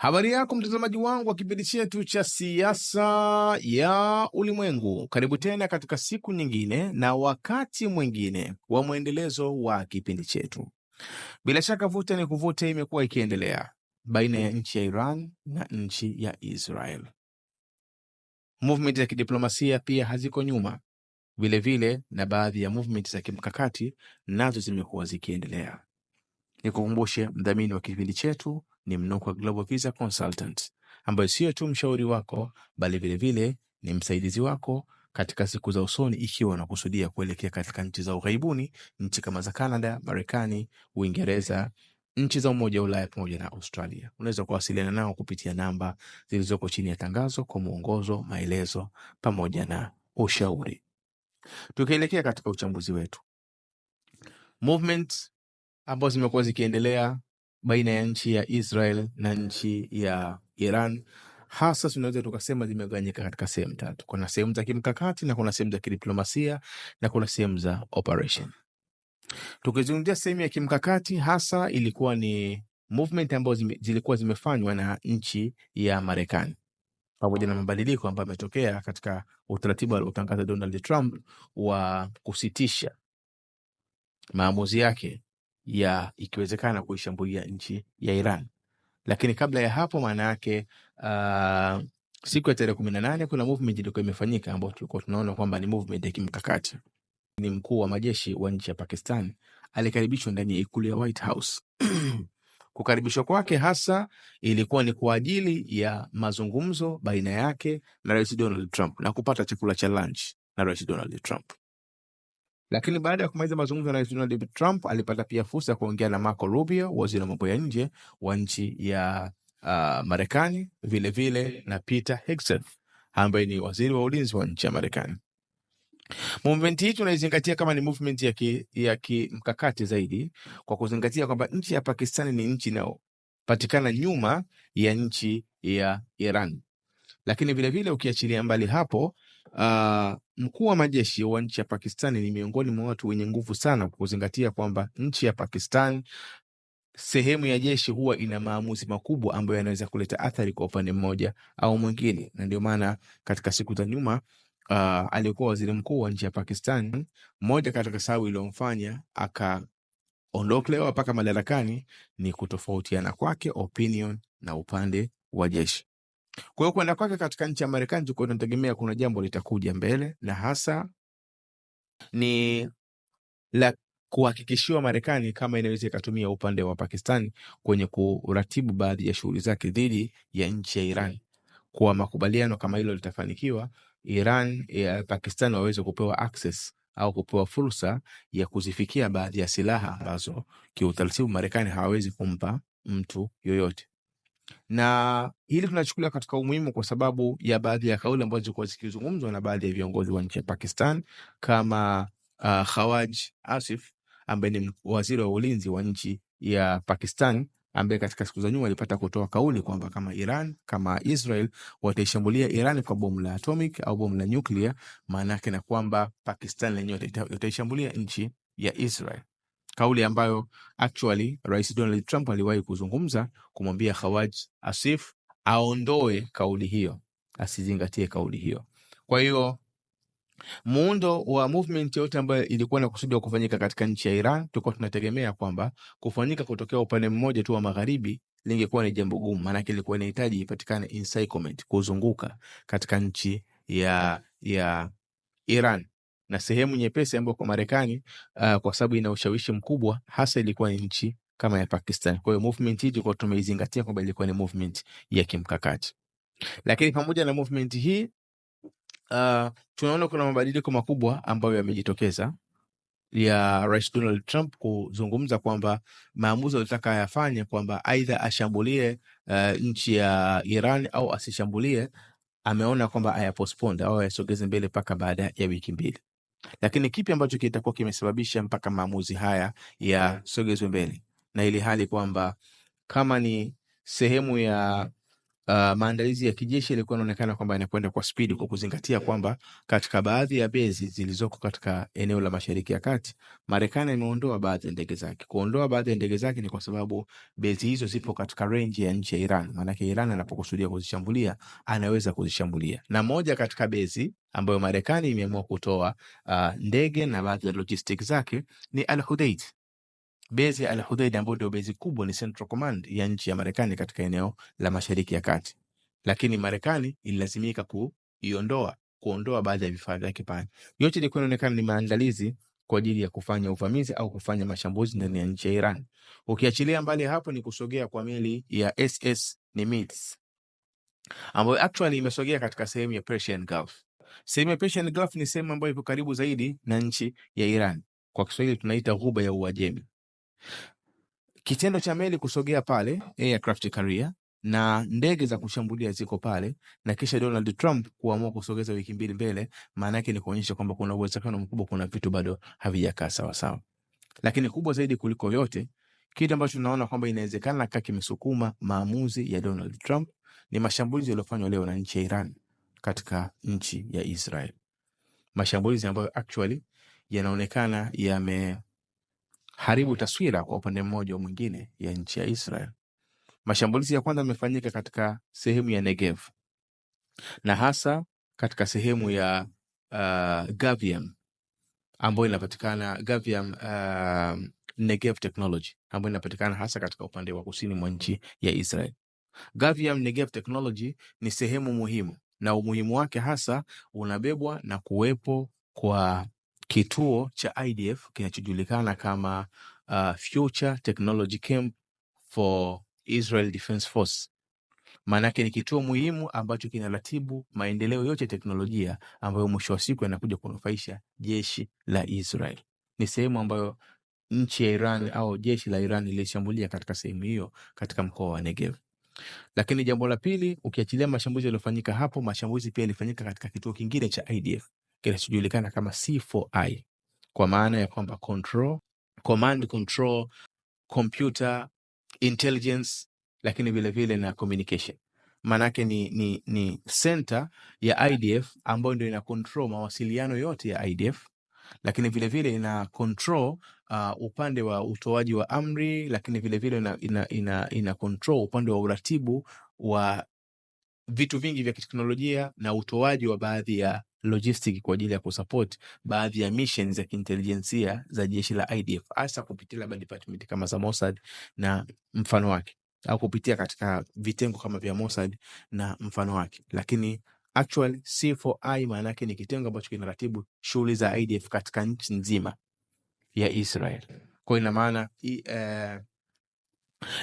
Habari yako mtazamaji wangu wa kipindi chetu cha siasa ya ulimwengu, karibu tena katika siku nyingine na wakati mwingine wa mwendelezo wa kipindi chetu. Bila shaka vuta ni kuvute imekuwa ikiendelea baina ya nchi ya Iran na nchi ya Israel. Movement za kidiplomasia pia haziko nyuma vilevile, na baadhi ya movement za kimkakati nazo zimekuwa zikiendelea. Nikukumbushe, mdhamini wa kipindi chetu ni Mnukwa Global Visa Consultant, ambayo siyo tu mshauri wako bali vilevile vile, ni msaidizi wako katika siku za usoni ikiwa unakusudia kuelekea katika nchi za ughaibuni, nchi kama za Canada, Marekani, Uingereza, nchi za Umoja wa Ulaya pamoja na Australia. Unaweza kuwasiliana nao kupitia namba zilizoko chini ya tangazo kwa mwongozo, maelezo pamoja na ushauri. Tukielekea katika uchambuzi wetu, movement ambazo zimekuwa zikiendelea baina ya nchi ya Israel na nchi ya Iran hasa tunaweza tukasema zimegawanyika katika sehemu tatu. Kuna sehemu za kimkakati na kuna sehemu za kidiplomasia na kuna sehemu za operation. Tukizungumzia sehemu ya kimkakati, hasa ilikuwa ni movement ambazo zime, zilikuwa zimefanywa na nchi ya Marekani pamoja na mabadiliko ambayo yametokea katika utaratibu aliotangaza Donald Trump wa kusitisha maamuzi yake ya ikiwezekana kuishambulia nchi ya Iran. Lakini kabla ya hapo, maana yake uh, siku ya tarehe kumi na nane kuna movement ilikuwa imefanyika ambao tulikuwa tunaona kwamba ni movement ya kimkakati. Ni mkuu wa majeshi wa nchi ya Pakistan alikaribishwa ndani ya ikulu ya White House kukaribishwa kwake hasa ilikuwa ni kwa ajili ya mazungumzo baina yake na Rais Donald Trump na kupata chakula cha lunch na Rais Donald Trump. Lakini baada ya kumaliza mazungumzo na rais Donald Trump, alipata pia fursa ya kuongea na Marco Rubio, waziri wa mambo ya nje wa nchi ya uh, Marekani, vilevile na Peter Hegseth ambaye ni waziri wa ulinzi wa nchi ya Marekani. Movement hii tunaizingatia kama ni movement ya kimkakati zaidi kwa kuzingatia kwamba nchi ya Pakistani ni nchi inayopatikana nyuma ya nchi ya Iran, lakini vilevile ukiachilia mbali hapo Uh, mkuu wa majeshi wa nchi ya Pakistani ni miongoni mwa watu wenye nguvu sana, kwa kuzingatia kwamba nchi ya Pakistan sehemu ya jeshi huwa ina maamuzi makubwa ambayo yanaweza kuleta athari kwa upande mmoja au mwingine, na ndio maana katika siku za nyuma uh, aliyekuwa waziri mkuu wa nchi ya Pakistan, moja katika sababu iliyomfanya akaondolewa mpaka madarakani ni kutofautiana kwake opinion na upande wa jeshi. Kwa hiyo kwenda kwake katika nchi ya Marekani, tulikuwa tunategemea kuna jambo litakuja mbele, na hasa ni la kuhakikishiwa Marekani kama inaweza ikatumia upande wa Pakistan kwenye kuratibu baadhi ya shughuli zake dhidi ya nchi ya Iran. Kwa makubaliano kama hilo litafanikiwa, Iran ya eh, Pakistan waweze kupewa access au kupewa fursa ya kuzifikia baadhi ya silaha ambazo kiutaratibu Marekani hawawezi kumpa mtu yoyote na hili tunachukulia katika umuhimu kwa sababu ya baadhi ya kauli ambazo zilikuwa zikizungumzwa na baadhi ya viongozi wa nchi ya Pakistan kama uh, ah, Khawaj Asif ambaye ni waziri wa ulinzi wa nchi ya Pakistan ambaye katika siku za nyuma alipata kutoa kauli kwamba kama Iran kama Israel wataishambulia Iran kwa bomu la atomic au bomu la nyuklia, maana yake na kwamba Pakistan lenyewe wataishambulia nchi ya Israel kauli ambayo actually Rais Donald Trump aliwahi kuzungumza kumwambia Khawaj Asif aondoe kauli hiyo, asizingatie kauli hiyo. Kwa hiyo muundo wa movement yote ambayo ilikuwa wa kufanyika katika nchi ya Iran, tulikuwa tunategemea kwamba kufanyika kutokea upande mmoja tu wa magharibi lingekuwa ni jambo gumu, maanake ilikuwa inahitaji ipatikane encirclement, kuzunguka katika nchi ya ya Iran na sehemu nyepesi ambayo kwa Marekani uh, kwa sababu ina ushawishi mkubwa hasa ilikuwa ni nchi kama ya Pakistan. Kwa hiyo movement hii tulikuwa tumeizingatia kwamba ilikuwa ni movement ya kimkakati, lakini pamoja na movement hii uh, tunaona kuna mabadiliko makubwa ambayo yamejitokeza ya Rais Donald Trump kuzungumza kwamba maamuzi alitaka ayafanye kwamba aidha ashambulie uh, nchi ya Iran au asishambulie, ameona kwamba ayapostpone au ayasogeze mbele mpaka baada ya wiki mbili. Lakini kipi ambacho kitakuwa kimesababisha mpaka maamuzi haya yasogezwe mm. mbele, na ili hali kwamba kama ni sehemu ya Uh, maandalizi ya kijeshi yalikuwa yanaonekana kwamba yanakwenda kwa spidi kwa kuzingatia kwamba katika baadhi ya bezi zilizoko katika eneo la Mashariki ya Kati, Marekani imeondoa baadhi ya ndege zake. Kuondoa baadhi ya ndege zake ni kwa sababu bezi hizo zipo katika range ya nchi ya Iran. maanake Iran anapokusudia kuzishambulia, anaweza kuzishambulia. Na moja katika bezi ambayo Marekani imeamua kutoa uh, ndege na baadhi ya logistics zake ni Al Bezi ya Al-Hudaid ambayo ndio bezi kubwa, ni Central Command ya nchi ya Marekani katika eneo la Mashariki ya Kati, lakini Marekani ililazimika kuiondoa kuondoa baadhi ya vifaa vyake pale. Yote ilikuwa inaonekana ni maandalizi kwa ajili ya kufanya uvamizi au kufanya mashambuzi ndani ya nchi ya Iran. Ukiachilia mbali hapo, ni kusogea kwa meli ya SS Nimitz ambayo actually imesogea katika sehemu ya Persian Gulf. Sehemu ya Persian Gulf ni sehemu ambayo ipo karibu zaidi na nchi ya Iran, kwa Kiswahili tunaita ghuba ya Uajemi. Kitendo cha meli kusogea pale, aircraft carrier na ndege za kushambulia ziko pale, na kisha Donald Trump kuamua kusogeza wiki mbili mbele, maana yake ni kuonyesha kwamba kuna uwezekano mkubwa, kuna vitu bado havijakaa sawa sawa. Lakini kubwa zaidi kuliko yote, kitu ambacho tunaona kwamba inawezekana kaa kimesukuma maamuzi ya Donald Trump ni mashambulizi yaliyofanywa leo na nchi ya Iran katika nchi ya Israel, mashambulizi ambayo actually yanaonekana yame haribu taswira kwa upande mmoja au mwingine ya nchi ya Israel. Mashambulizi ya kwanza yamefanyika katika sehemu ya Negev na hasa katika sehemu ya uh, Gaviam ambayo inapatikana Gaviam uh, Negev Technology ambayo inapatikana hasa katika upande wa kusini mwa nchi ya Israel. Gaviam Negev Technology ni sehemu muhimu na umuhimu wake hasa unabebwa na kuwepo kwa Kituo cha IDF kinachojulikana kama uh, Future Technology Camp for Israel Defense Force. Maana yake ni kituo muhimu ambacho kinaratibu maendeleo yote ya teknolojia ambayo mwisho wa siku yanakuja kunufaisha jeshi la Israel. Ni sehemu ambayo nchi ya Iran au jeshi la Iran lilishambulia katika sehemu hiyo katika mkoa wa Negev. Lakini jambo la pili, ukiachilia mashambulizi yaliyofanyika hapo, mashambulizi pia yalifanyika katika kituo kingine cha IDF kinachojulikana kama C4I kwa maana ya kwamba control, command control, computer intelligence, lakini vilevile na communication. Maanake ni, ni, ni center ya IDF ambayo ndio ina control mawasiliano yote ya IDF, lakini vilevile ina control uh, upande wa utoaji wa amri, lakini vilevile ina, ina, ina, ina control upande wa uratibu wa vitu vingi vya kiteknolojia na utoaji wa baadhi ya logistic kwa ajili ya kusupport baadhi ya missions za kiintelijensia za jeshi la IDF hasa kupitia labda department kama za Mossad na mfano wake au kupitia katika vitengo kama vya Mossad na mfano wake. Lakini actually C4I maana yake ni kitengo ambacho kinaratibu shughuli za IDF katika nchi nzima ya Israel. Kwa ina maana uh,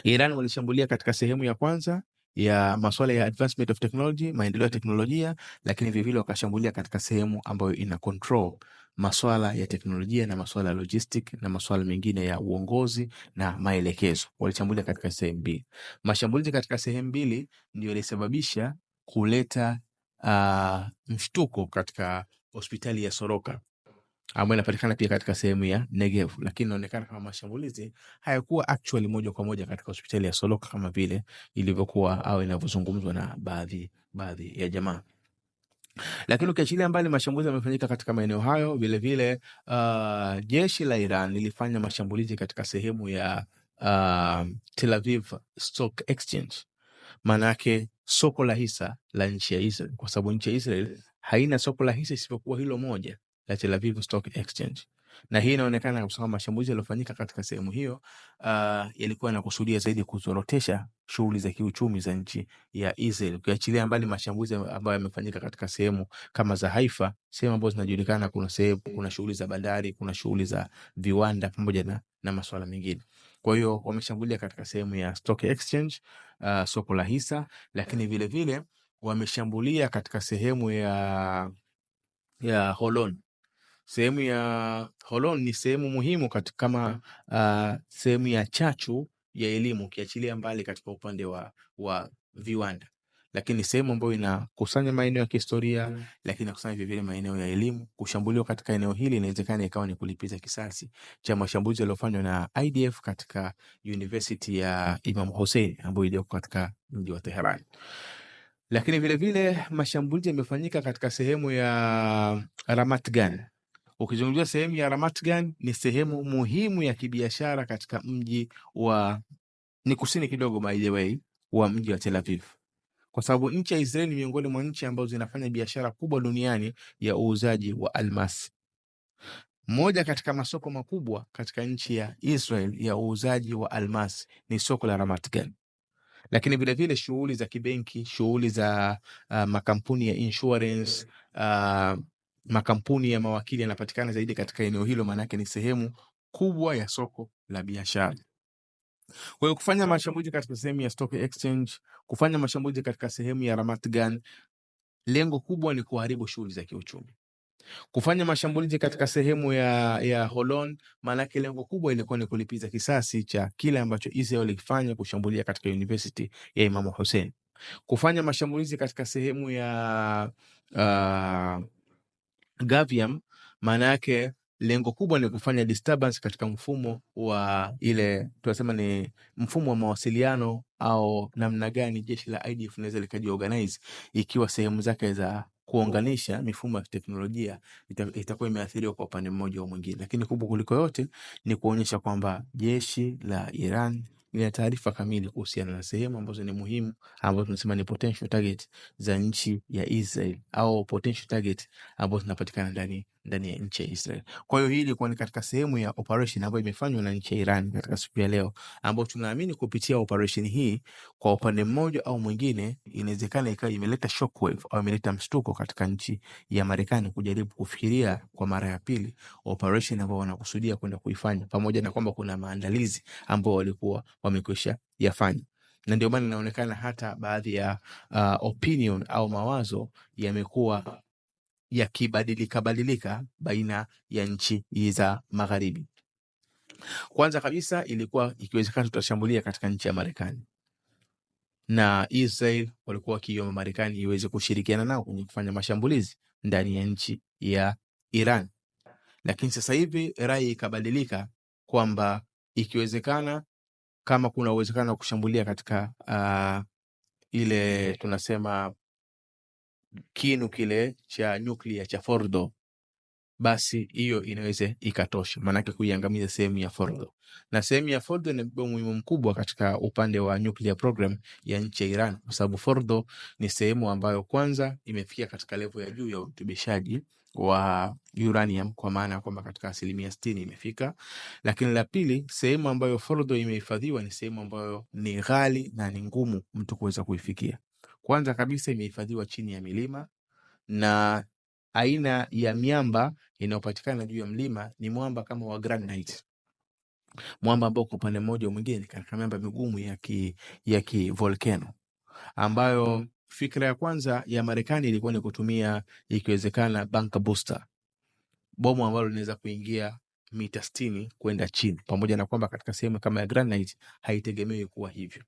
Iran walishambulia katika sehemu ya kwanza ya masuala ya advancement of technology, maendeleo ya teknolojia, lakini vilevile wakashambulia katika sehemu ambayo ina control masuala ya teknolojia na masuala ya logistic na masuala mengine ya uongozi na maelekezo. Walishambulia katika sehemu mbili. Mashambulizi katika sehemu mbili ndio yalisababisha kuleta uh, mshtuko katika hospitali ya Soroka ambayo inapatikana pia katika sehemu ya Negev, lakini inaonekana kama mashambulizi hayakuwa actually moja kwa moja katika hospitali ya Soloka kama vile ilivyokuwa au inavyozungumzwa na baadhi baadhi ya jamaa lakini ukiachilia mbali mashambulizi yamefanyika katika maeneo hayo vilevile, uh, ah, jeshi la Iran lilifanya mashambulizi katika sehemu ya uh, Tel Aviv Stock Exchange, maanake soko la hisa la nchi ya Israel, kwa sababu nchi ya Israel haina soko la hisa isipokuwa hilo moja la Tel Aviv Stock Exchange na hii inaonekana kwa sababu mashambulizi yaliyofanyika katika sehemu hiyo uh, yalikuwa yanakusudia zaidi kuzorotesha shughuli za kiuchumi za nchi ya Israel, ukiachilia mbali mashambulizi ambayo yamefanyika katika sehemu kama za Haifa, sehemu ambazo zinajulikana kuna sehemu, kuna shughuli za bandari, kuna shughuli za viwanda pamoja na, na masuala mengine. Kwa hiyo wameshambulia katika sehemu ya Stock Exchange uh, soko la hisa, lakini vilevile vile, wameshambulia katika sehemu ya, ya Holon Sehemu ya Holon ni sehemu muhimu katika kama uh, sehemu ya chachu ya elimu ukiachilia mbali katika upande wa, wa viwanda, lakini sehemu ambayo inakusanya maeneo ya kihistoria mm. lakini inakusanya vilevile maeneo ya elimu. Kushambuliwa katika eneo hili inawezekana ikawa ni kulipiza kisasi cha mashambulizi yaliyofanywa na IDF katika University ya Imam Hussein ambayo iliyoko katika mji wa Teheran lakini vilevile mashambulizi yamefanyika katika sehemu ya Ramat Gan Ukizungumzia sehemu ya Ramatgan, ni sehemu muhimu ya kibiashara katika mji wa ni kusini kidogo, by the way, wa mji wa Tel Aviv, kwa sababu nchi ya Israeli ni miongoni mwa nchi ambazo zinafanya biashara kubwa duniani ya uuzaji wa almasi. Moja katika masoko makubwa katika nchi ya Israel ya uuzaji wa almasi ni soko la Ramatgan, lakini vilevile shughuli za kibenki, shughuli za uh, makampuni ya insurance uh, makampuni ya mawakili yanapatikana zaidi katika eneo hilo, maanake ni sehemu kubwa ya soko la biashara. Kwa hiyo kufanya mashambulizi katika sehemu ya stock exchange, kufanya mashambulizi katika sehemu ya Ramat Gan, lengo kubwa ni kuharibu shughuli za kiuchumi. Kufanya mashambulizi katika sehemu ya, ya Holon, maanake lengo kubwa ilikuwa ni kulipiza kisasi cha kile ambacho Israel ilifanya kushambulia katika university ya Imamu Hussein. Kufanya mashambulizi katika sehemu ya uh, Gavium maana yake lengo kubwa ni kufanya disturbance katika mfumo wa ile tunasema ni mfumo wa mawasiliano au namna gani jeshi la IDF linaweza likajiorganize, ikiwa sehemu zake za kuunganisha mifumo ya teknolojia itakuwa imeathiriwa kwa upande mmoja au mwingine, lakini kubwa kuliko yote ni kuonyesha kwamba jeshi la Iran ina taarifa kamili kuhusiana na sehemu ambazo ni muhimu ambazo tunasema ni potential target za nchi ya Israel au potential target ambazo zinapatikana ndani ndani ya nchi ya Israel. Kwa hiyo hii ilikuwa ni katika sehemu ya operation ambayo imefanywa na nchi ya Iran katika siku ya leo, ambayo tunaamini kupitia operation hii, kwa upande mmoja au mwingine, inawezekana ikawa imeleta shockwave au imeleta mshtuko katika nchi ya Marekani kujaribu kufikiria kwa mara ya pili operation ambayo wanakusudia kwenda kuifanya, pamoja na kwamba kuna maandalizi ambayo walikuwa wamekwisha yafanya na ndio maana inaonekana hata baadhi ya uh, opinion au mawazo yamekuwa yakibadilika badilika baina ya nchi za Magharibi. Kwanza kabisa ilikuwa ikiwezekana, tutashambulia katika nchi ya Marekani na Israel walikuwa wakiomba Marekani iweze kushirikiana nao kwenye kufanya mashambulizi ndani ya nchi ya Iran, lakini sasa hivi rai ikabadilika kwamba ikiwezekana, kama kuna uwezekano wa kushambulia katika uh, ile tunasema kinu kile cha nyuklia cha Fordo, basi hiyo inaweza ikatosha, maanake kuiangamiza sehemu ya Fordo. Na sehemu ya Fordo inabeba umuhimu mkubwa katika upande wa nuclear program ya nchi ya Iran, kwa sababu Fordo ni sehemu ambayo kwanza imefikia katika levo ya juu ya urutubishaji wa uranium kwa maana ya kwamba katika asilimia sitini imefika. Lakini la pili, sehemu ambayo Fordo imehifadhiwa ni sehemu ambayo ni ghali na ni ngumu mtu kuweza kuifikia. Kwanza kabisa imehifadhiwa chini ya milima na aina ya miamba inayopatikana juu ya mlima ni mwamba kama wa granite, mwamba ambao kwa upande mmoja mwingine katika miamba migumu ya ki, ya ki volcano ambayo hmm. fikra ya kwanza ya Marekani ilikuwa ni kutumia ikiwezekana bunker booster, bomu ambalo linaweza kuingia mita sitini kwenda chini, pamoja na kwamba katika sehemu kama ya granite haitegemewi kuwa hivyo.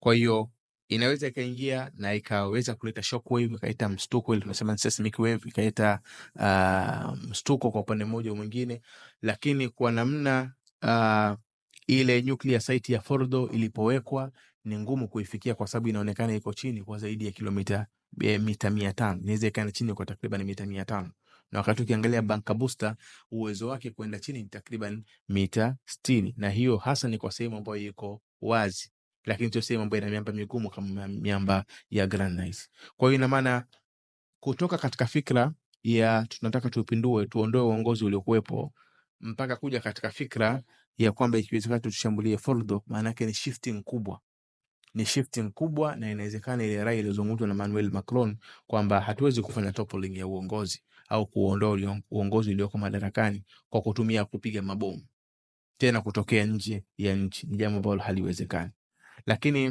Kwa hiyo inaweza ikaingia na ikaweza kuleta shockwave, ikaleta mstuko, ile tunasema seismic wave, ikaleta uh, ah, mstuko kwa upande mmoja au mwingine, lakini kwa namna uh, ile nuclear site ya Fordo ilipowekwa ni ngumu kuifikia kwa sababu inaonekana iko chini kwa zaidi ya kilomita e, mita mia tano inaweza ikaenda chini kwa takriban mita mia tano na wakati ukiangalia banka Bankabusta uwezo wake kwenda chini ni takriban mita sitini na hiyo hasa ni kwa sehemu ambayo iko wazi lakini sio sehemu ambayo ina miamba migumu kama miamba ya granite. Kwa hiyo ina maana kutoka katika fikra ya tunataka tuupindue, tuondoe uongozi uliokuwepo mpaka kuja katika fikra ya kwamba ikiwezekana tushambulie Fordo, maana yake ni shifting kubwa ni shifting kubwa, na inawezekana ile rai iliyozungumzwa na Manuel Macron kwamba hatuwezi kufanya toppling ya uongozi au kuondoa uongozi ulioko madarakani kwa kutumia kupiga mabomu tena kutokea nje ya nchi, ni jambo ambalo haliwezekani lakini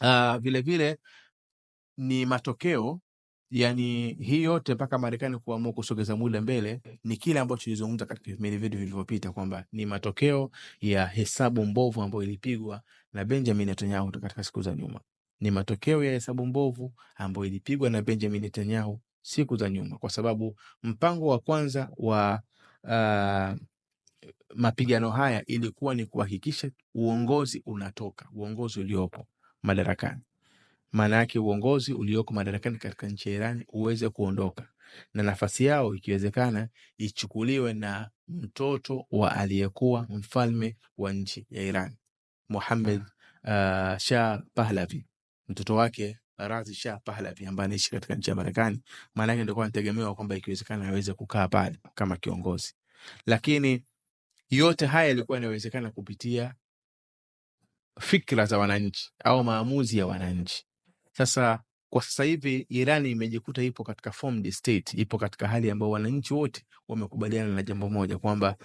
uh, vile vile ni matokeo yani hii yote mpaka Marekani kuamua kusogeza muda mbele ni kile ambacho tulizungumza katika vipindi vyetu vilivyopita kwamba ni matokeo ya hesabu mbovu ambayo ilipigwa na Benjamin Netanyahu katika siku za nyuma. Ni matokeo ya hesabu mbovu ambayo ilipigwa na Benjamin Netanyahu siku za nyuma, kwa sababu mpango wa kwanza wa uh, mapigano haya ilikuwa ni kuhakikisha uongozi unatoka, uongozi uliopo madarakani. Maana yake uongozi ulioko madarakani katika nchi ya Irani uweze kuondoka na nafasi yao ikiwezekana ichukuliwe na mtoto wa aliyekuwa mfalme wa nchi ya Iran Mohammed uh, Shah Pahlavi, mtoto wake Razi Shah Pahlavi ambaye anaishi katika nchi ya Marekani. Maana yake ndio anategemewa kwamba ikiwezekana aweze kukaa pale kama kiongozi, lakini yote haya yalikuwa yanawezekana kupitia fikra za wananchi au maamuzi ya wananchi. Sasa kwa sasa hivi Iran imejikuta ipo katika formed state, ipo katika hali ambayo wananchi wote wamekubaliana na jambo moja kwamba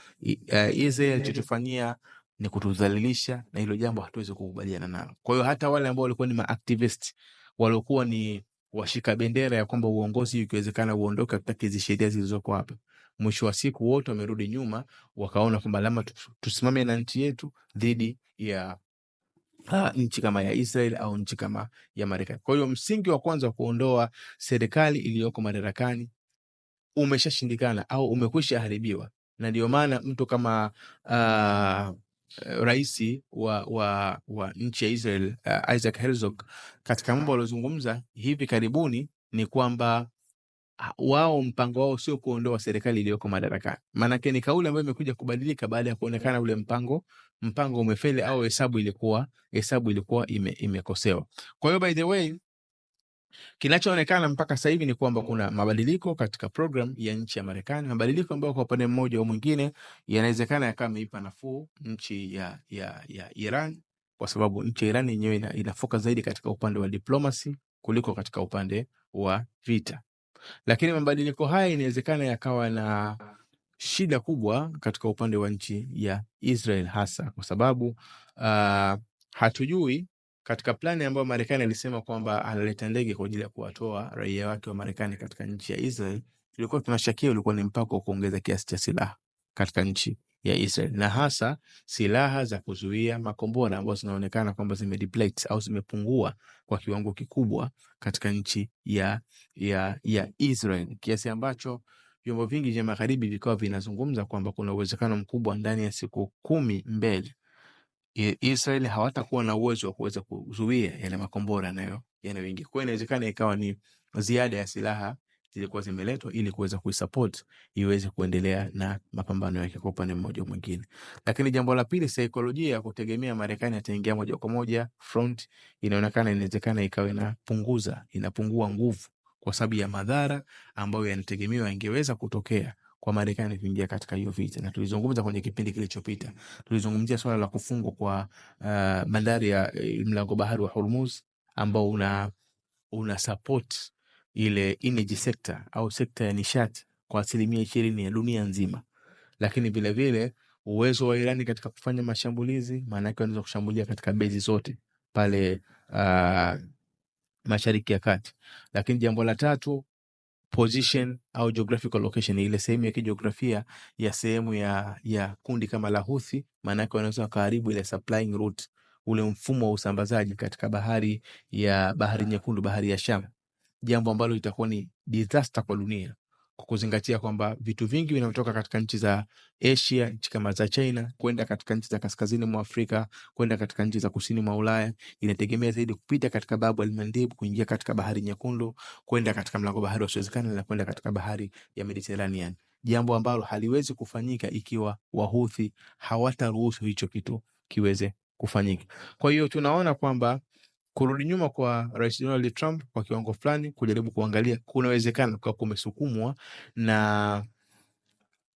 uh, Israel alichotufanyia ni kutudhalilisha, na hilo jambo hatuwezi kukubaliana nalo. Kwa hiyo hata wale ambao walikuwa ni maaktivist waliokuwa ni washika bendera ya kwamba uongozi ukiwezekana uondoke katika hizi sheria zilizoko hapa, Mwisho wa siku wote wamerudi nyuma, wakaona kwamba lama tusimame na nchi yetu dhidi ya Ha, ah, nchi kama ya Israel au nchi kama ya Marekani. Kwa hiyo msingi wa kwanza wa kuondoa serikali iliyoko madarakani umeshashindikana au umekwisha haribiwa, na ndio maana mtu kama uh, rais wa, wa, wa nchi ya Israel uh, Isaac Herzog katika mambo aliozungumza hivi karibuni ni kwamba Ah, wao mpango wao sio kuondoa serikali iliyoko madarakani. Maanake ni kauli ambayo imekuja kubadilika baada ya kuonekana ule mpango mpango umefeli au hesabu ilikuwa hesabu ilikuwa ime, imekosewa. Kwa hiyo by the way kinachoonekana mpaka sasa hivi ni kwamba kuna mabadiliko katika program ya nchi ya Marekani, mabadiliko ambayo kwa upande mmoja au mwingine yanawezekana yakawa ameipa nafuu nchi ya, ya, ya Iran kwa sababu nchi ya Iran yenyewe inafoka zaidi katika upande wa diplomasi kuliko katika upande wa vita. Lakini mabadiliko haya inawezekana yakawa na shida kubwa katika upande wa nchi ya Israel hasa kwa sababu uh, hatujui katika plani ambayo Marekani alisema kwamba analeta ndege kwa ajili ya kuwatoa raia wake wa Marekani katika nchi ya Israel, tulikuwa tunashakia ulikuwa ni mpaka wa kuongeza kiasi cha silaha katika nchi ya Israel na hasa silaha za kuzuia makombora ambazo zinaonekana kwamba zimedeplete au zimepungua kwa kiwango kikubwa katika nchi ya, ya, ya Israel kiasi ambacho vyombo vingi vya magharibi vikawa vinazungumza kwamba kuna uwezekano mkubwa ndani ya siku kumi mbele Israel hawatakuwa na uwezo wa kuweza kuzuia yale makombora yanayoingia. Kwa hiyo inawezekana ikawa ni ziada ya silaha zilikuwa zimeletwa ili kuweza kuisupport iweze kuendelea na mapambano yake kwa upande mmoja mwingine. Lakini jambo la pili, saikolojia ya kutegemea Marekani ataingia moja kwa moja front, inaonekana inawezekana ikawa inapunguza inapungua nguvu kwa sababu ya madhara ambayo yanategemewa yangeweza kutokea kwa Marekani kuingia katika hiyo vita, na tulizungumza kwenye kipindi kilichopita, tulizungumzia swala la kufungwa kwa uh, bandari ya eh, mlango bahari wa Hormuz ambao una, una support ile energy sector au sekta ya nishati kwa asilimia ishirini ya dunia nzima, lakini vilevile uwezo wa Irani katika kufanya mashambulizi, maana yake wanaweza kushambulia katika bezi zote pale uh, Mashariki ya Kati. Lakini jambo la tatu position au geographical location, ile sehemu ya kijiografia ya sehemu ya, ya kundi kama la Houthi, yake wanaweza wakaharibu ile supplying route, ule mfumo wa usambazaji katika bahari ya bahari nyekundu, bahari ya Shamu jambo ambalo litakuwa ni disaster kwa dunia kwa kuzingatia kwamba vitu vingi vinavyotoka katika nchi za Asia, nchi kama za China kwenda katika nchi za kaskazini mwa Afrika kwenda katika nchi za kusini mwa Ulaya inategemea zaidi kupita katika babu Almandib, kuingia katika bahari nyekundu, kwenda katika mlango bahari wa Suez Canal na kwenda katika bahari ya Mediterranean, jambo ambalo haliwezi kufanyika ikiwa Wahuthi hawataruhusu hicho kitu kiweze kufanyika. Kwa hiyo tunaona kwamba kurudi nyuma kwa Rais Donald Trump kwa kiwango fulani, kujaribu kuangalia kunawezekana kwa kumesukumwa na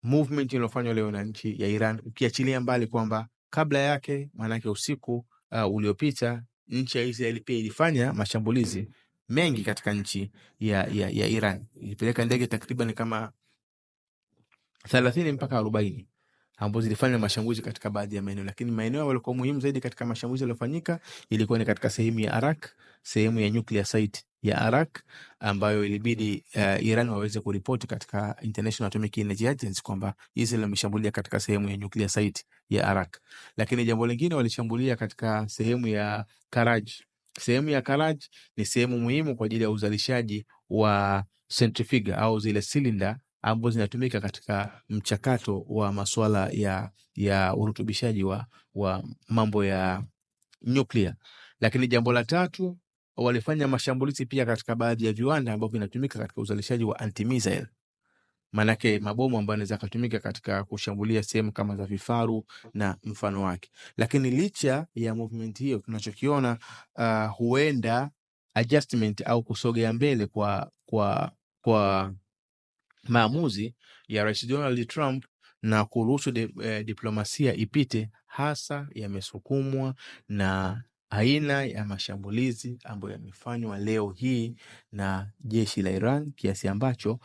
movement iliyofanywa leo na nchi ya Iran, ukiachilia mbali kwamba kabla yake, maanake usiku uh, uliopita nchi ya Israeli pia ilifanya mashambulizi mengi katika nchi ya, ya, ya Iran, ilipeleka ndege takriban kama thelathini mpaka arobaini ambao zilifanya mashambulizi katika baadhi ya maeneo, lakini maeneo yaliokuwa muhimu zaidi katika mashambulizi yaliyofanyika ilikuwa ni katika sehemu ya Arak, sehemu ya nuclear site ya Arak ambayo ilibidi uh, Iran waweze kuripoti katika International Atomic Energy Agency kwamba Israel wameshambulia katika sehemu ya nuclear site ya Arak. Lakini jambo lingine walishambulia katika sehemu ya Karaj. Sehemu ya Karaj ni sehemu muhimu kwa ajili ya uzalishaji wa centrifuga au zile silinda ambazo zinatumika katika mchakato wa masuala ya, ya urutubishaji wa, wa mambo ya nyuklia. Lakini jambo la tatu, walifanya mashambulizi pia katika baadhi ya viwanda ambavyo vinatumika katika uzalishaji wa antimissile maanake mabomu ambayo anaweza akatumika katika kushambulia sehemu kama za vifaru na mfano wake. Lakini licha ya movement hiyo, tunachokiona uh, huenda adjustment au kusogea mbele kwa, kwa, kwa maamuzi ya Rais Donald Trump na kuruhusu di, eh, diplomasia ipite hasa yamesukumwa na aina ya mashambulizi ambayo yamefanywa leo hii na jeshi la Iran kiasi ambacho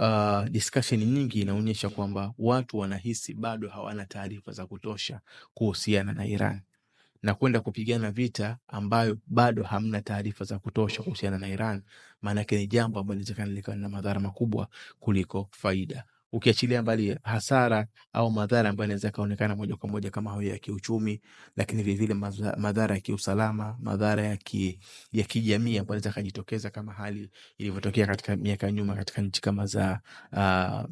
Uh, discussion nyingi inaonyesha kwamba watu wanahisi bado hawana taarifa za kutosha kuhusiana na Iran na kwenda kupigana vita ambayo bado hamna taarifa za kutosha kuhusiana na Iran, maanake ni jambo ambalo linawezekana likawa na madhara makubwa kuliko faida, ukiachilia mbali hasara au madhara ambayo yanaweza kaonekana moja kwa moja kama hayo ya kiuchumi, lakini vilevile madhara ya kiusalama, madhara ya ki, ya kijamii ambayo yanaweza kujitokeza kama hali ilivyotokea katika miaka ya nyuma katika nchi kama za uh,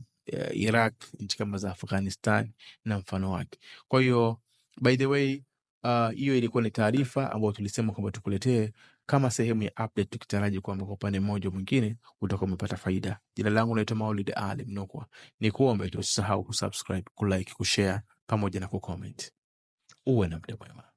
Iraq, nchi kama za Afghanistan na mfano wake. Kwa hiyo by the way Ah, hiyo uh, ilikuwa ni taarifa ambayo tulisema kwamba tukuletee kama sehemu ya update, tukitaraji kwamba kwa upande mmoja mwingine utakuwa umepata faida. Jina langu naitwa Maulid Ali Mnukwa, ni kuombe tusisahau kusubscribe, kulike, kushare pamoja na kucomment. Uwe na mda mwema.